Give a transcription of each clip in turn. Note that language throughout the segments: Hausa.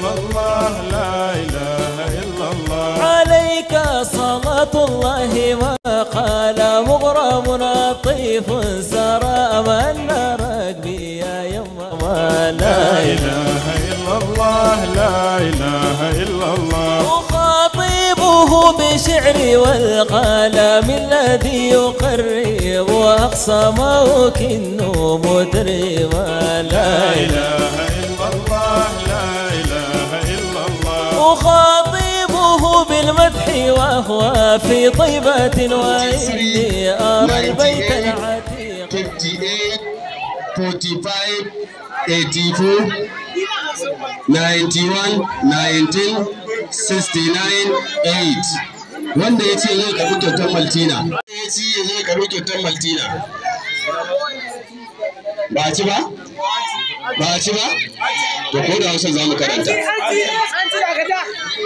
إلا الله لا إله إلا الله عليك صلاة الله وقال مغرم لطيف سرى من نرك يا يما لا إله إلا الله لا إله إلا الله أخاطبه بشعري والقلم الذي يقرب أقصى ما كنه مدري لا إله إلا الله أخاطبه بالمدح وهو في طيبة وإني أرى البيت العتيق 45, 84, 91, 19, 69, 8. Wanda ya ce zai karɓi kyautar Maltina. Wanda ya ce zai karɓi kyautar Maltina. Ba ci ba? Ba ci ba? To ko da Hausa za mu karanta.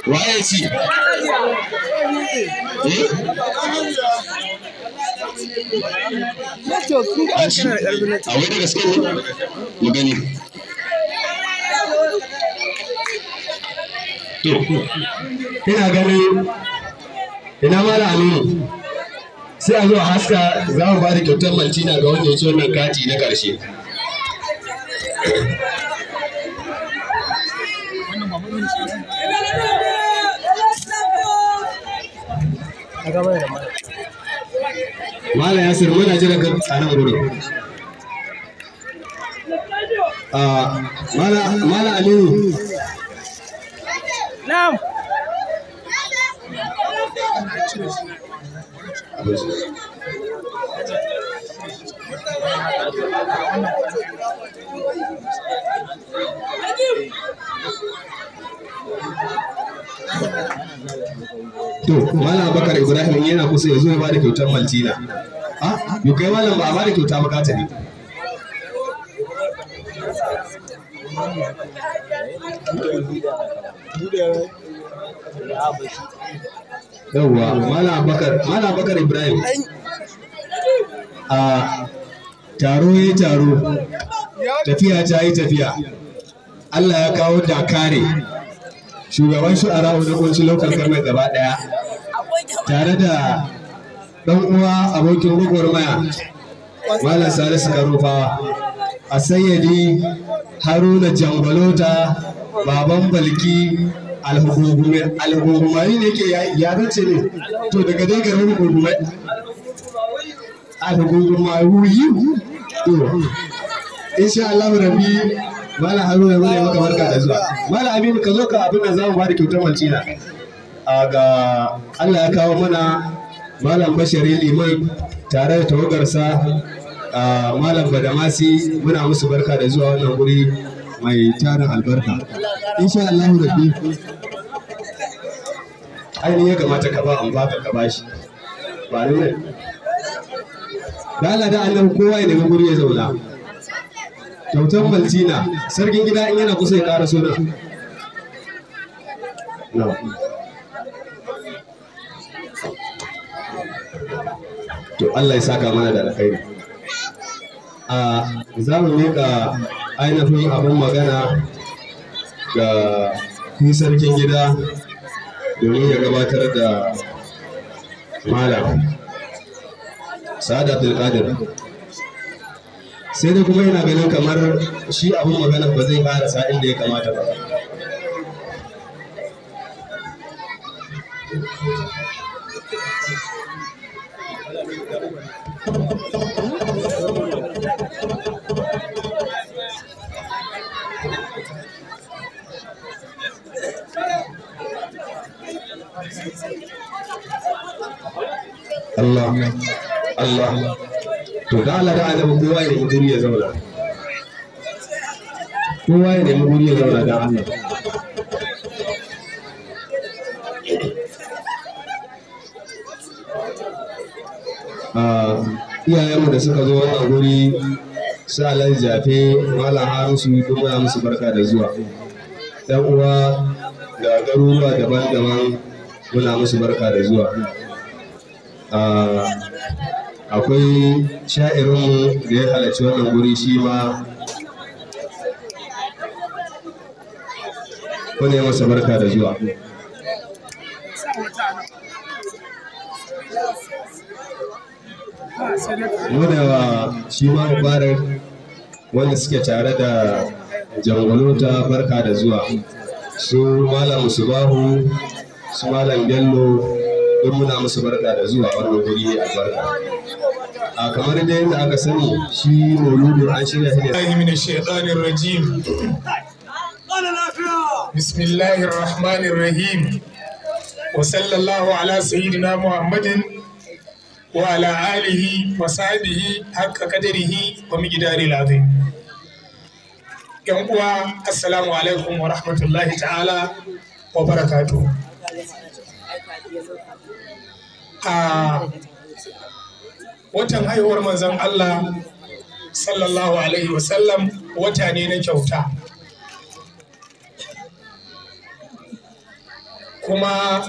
waye ci a wani gaske ne mu gani ina ganin ina mara aminu sai a zo a haska za mu ba da kyautar maltina ga wanda ya ci wannan kati na ƙarshe wannan mala ya sir muna jiran ka tsanan gurin mala ah, mala Thank you. to malam bakar ibrahim yana kusa yanzu ya bada kyautar maltina a ah, yau kai malam ba a bada kyauta ba ka ne yawwa malam bakar malam ibrahim a ah, taro ya taro tafiya ta yi tafiya Allah ya kawo dakare shugaban shu'ara na kunshi local government gaba daya tare da dan uwa abokin gwagwarmaya malam salisu karufawa a sayyadi haruna jambalota baban balki alhugumari ne ke ya ce ne to daga dai garin hugumari alhugumari to insha Allah rabi mala hannu ya mune maka barka da zuwa mala aminu ka zo ka abin da zamu bada kyautar malcina a ga allah ya kawo mana malam bashari liman tare da tawagarsa a malam badamasi muna musu barka da zuwa wannan guri mai tarin albarka insha allah rabbi ainihin ya kamata ka ba an baka ka shi. ba ne da Allah da Allah kowa ya nemi guri ya zauna kyautar baltina sarkin gida in yana kusa ya kara suna. To Allah ya saka mana da alkhairi. A za mu miƙa ainihin abin magana ga ni sarkin gida domin ya gabatar da malam. Sa'adat al sai dai kuma yana ganin kamar shi abin magana ba zai sain inda ya kamata ba Allah Allah to da Allah ta annabi kowa ya nemi guri ya zauna kowa ya nemi guri ya zauna da Allah ah, iyayenmu da suka zo wannan guri salan jafe malam harusu kuma musu barka da zuwa ɗan uwa da garuruwa daban-daban muna musu barka da zuwa ah, akwai sha'irinmu da ya halarci wannan guri shi ma kone masa barka da zuwa Mudawa shi ma mubarak wanda suke tare da jangolota barka da zuwa su malam subahu su malam bello don muna musu barka da zuwa wannan guri mai albarka a kamar da yadda aka sani shi mauludin an shirya shi ne Allahi min shaitanir rajim bismillahir rahmanir rahim wa sallallahu ala sayyidina muhammadin wa ala alihi wa sahbihi hakka kadarihi wa miqdaril azim yan uwa assalamu alaikum wa rahmatullahi ta'ala wa barakatuh a watan haihuwar manzon Allah sallallahu alaihi wasallam wata ne na kyauta kuma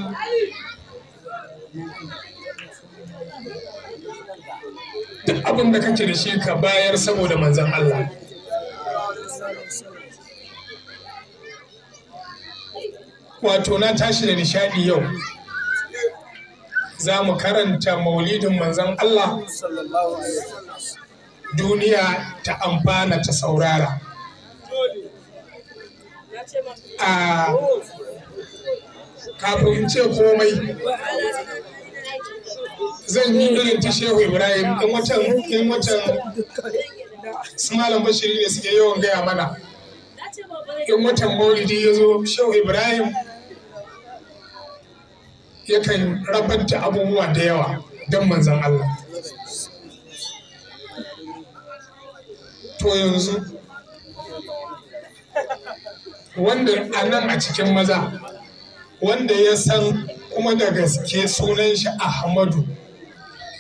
duk abin da kake da shi ka bayar saboda manzan Allah wato na tashi da nishaɗi yau za mu karanta maulidin manzan Allah duniya ta amfana ta saurara a kafin ce komai zan yi irin ta shehu ibrahim in watan in watan malam ne suke yawan gaya mana in watan maulidi ya zo shehu ibrahim yakan rabanta abubuwa da yawa don manzan Allah to yanzu wanda a nan a cikin maza wanda ya san kuma da gaske sunan shi Ahmadu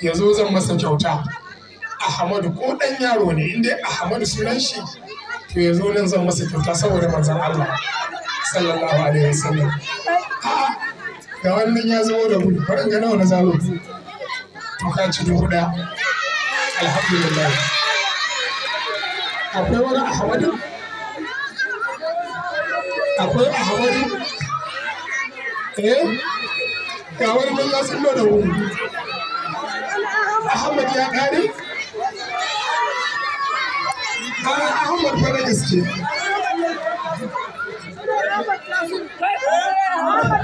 ya zo zan masa kyauta Ahmadu ko ɗan yaro ne inda Ahmadu sunan shi to ya zo nan zan masa kyauta saboda manzan Allah sallallahu alaihi wasallam ga wani wannan ya zama da gudu farin ga nawa na zaro to ka ci dubu ɗaya alhamdulillah akwai wani ahmadu akwai ahmadu eh ga wani nan ya tsillo da gudu ahmad ya ƙare ah, Ahmad fara gaske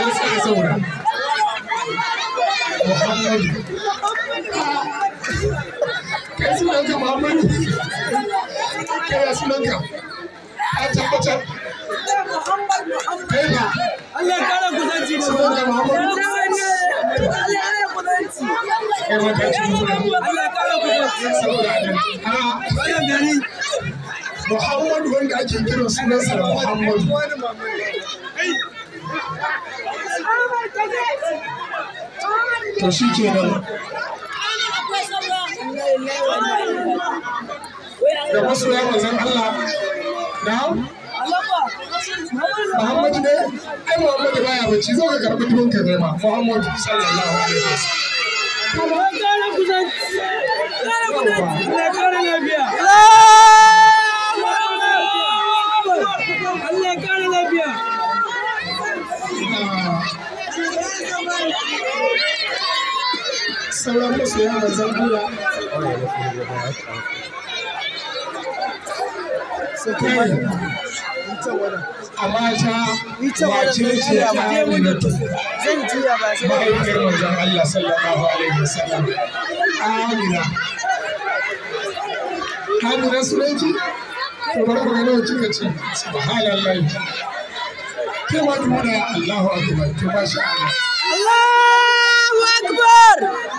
yi suka saura muhammadu kai sunanka muhammadu kai ya sunanka a tabbatar kai ba Allah ya kara kusanci da sunanka muhammadu ya kara kusanci saboda a wannan gari Muhammadu wanda ake kiran sunansa to shi ce da wasu ya mazan Allah na ne ai baya bacci zo ka dubin ka nema sallallahu alaihi wasallam sauran masoya manzan Allah ce ta aminatu mahaifiyar manzan Allah sallallahu alaihi wasallam amina amina sunanki to ku kika ce subhanallahi ma da Allahu akbar to ba Allah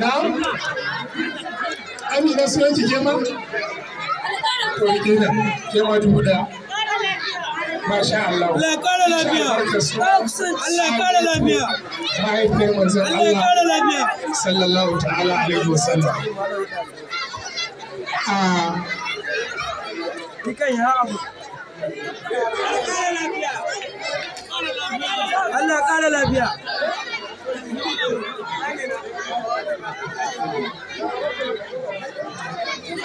na'am amina sunan ki kema to dubu ɗaya. Masha Allah. Allah kara lafiya. Allah kara lafiya. Mahaifiyar Allah. Allah kara lafiya. Sallallahu ta'ala alaihi ah. ya abu. Allah kara lafiya. Allah kara lafiya.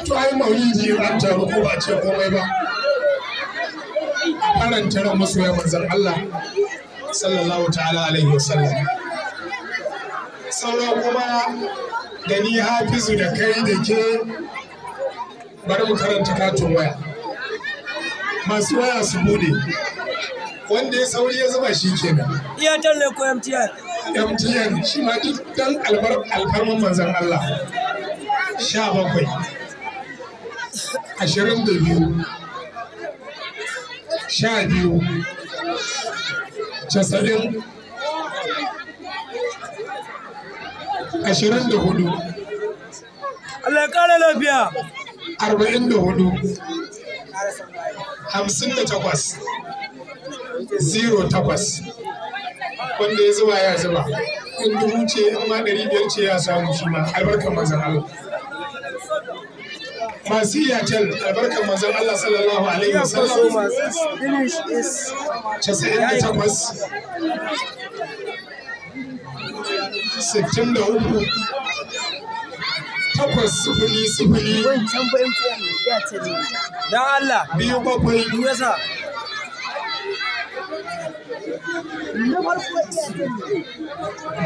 to ai maulidi an taru ko ba ce komai ba A karanta ran masoya manzon Allah sallallahu ta'ala alaihi wasallam sauran kuma da ni hafizu da kai da ke bari mu karanta katon waya masu waya su bude wanda ya sauri ya zama shi kenan iyatar ne ko mtr mtn shi ma duk dan alfarmar manzan Allah sha bakwai ashirin da biyu sha biyu casa'in ashirin da hudu Allah ƙara lafiya arba'in da hudu hamsin da takwas zero takwas wanda ya zuba ya zuba in dubu ce in ma ɗari biyar ce ya samu shi ma albarkar mazan Allah masu can albarkar mazan Allah sallallahu alaihi wasallam casa'in da takwas sittin da uku takwas sufuri sufuri wancan ba mtn ya ce ne Allah biyu bakwai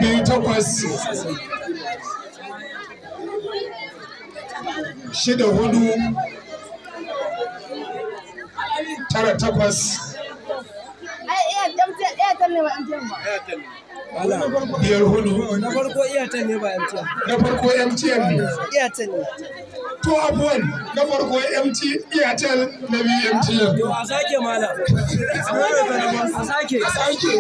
biyu takwas shida hudu tara takwas eh, na farko iyatan ne ba mtn na farko mtn ne ne to na farko na biyu mtn to a sake mala a sake a sake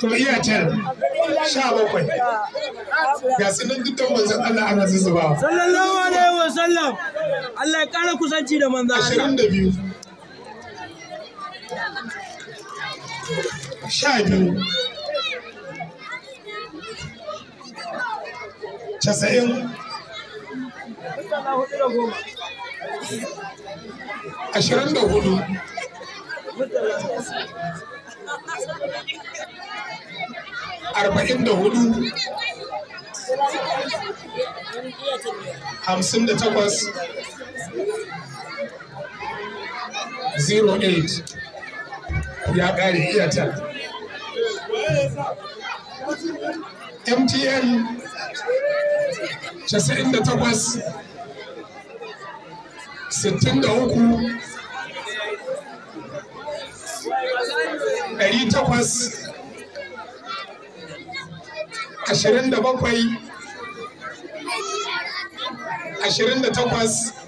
to sha bakwai ga Allah ana zuzuba Allah ya kara kusanci da manzo Allah 22 sha biyu casa'in ashirin da hudu arba'in da hudu hamsin da takwas zero eight ya ƙare iyatar mtn 98 63 ɗari takwas ashirin da bakwai ashirin da takwas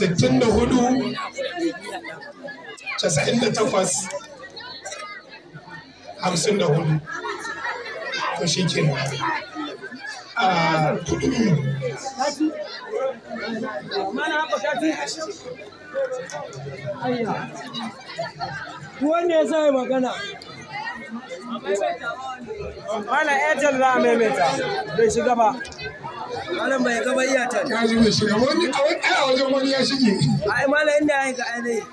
sittin da hudu casa'in da takwas hamsin da hudu to shi ke ah. Wanda ya sai magana. Mana Airtel za a maimaita, bai shiga ba. malam bai ga bayya ta ya zube shi wani a wajen wani ya shige ai malam inda ya ga ai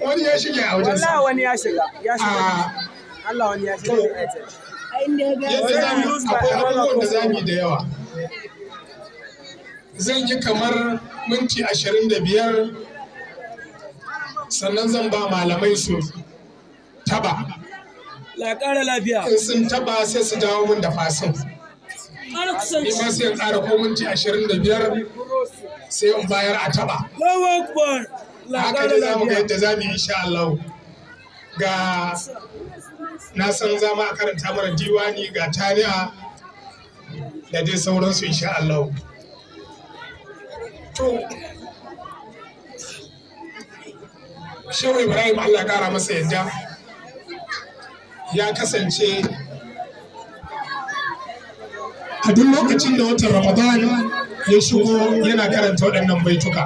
wani ya shige a wajen wallahi wani ya shiga ya shiga ah. Allah wani ya shiga ai inda ya ga yadda zamu akwai abubuwan da zami da yawa zan yi kamar minti ashirin da biyar sannan zan ba malamai su taba. La ƙara lafiya. In sun taba sai su dawo min da fasin. ni ma ko minti ashirin da biyar sai in bayar a taɓa. Haka da za mu ga yadda za mu yi insha Allah. Ga na san za mu karanta mana diwani ga Taniya da dai sauransu insha Allah. To, Shehu Ibrahim Allah ƙara masa yadda ya kasance duk lokacin da watan ramadan ya shigo yana karanta waɗannan baituka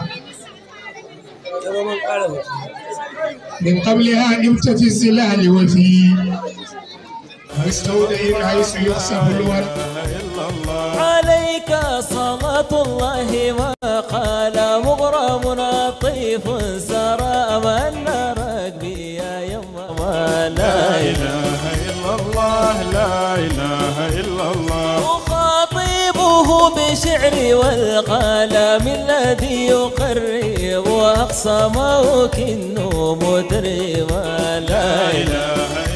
من قبلها نمت في الزلال وفي مستودع حيث يحسب عليك صلاة الله وقال مغرم لطيف سرى من نراك يا يما لا إله إلا الله لا إله الشعر والقلم الذي يقرب أقصى موكن كنه مدري ولا إله إلا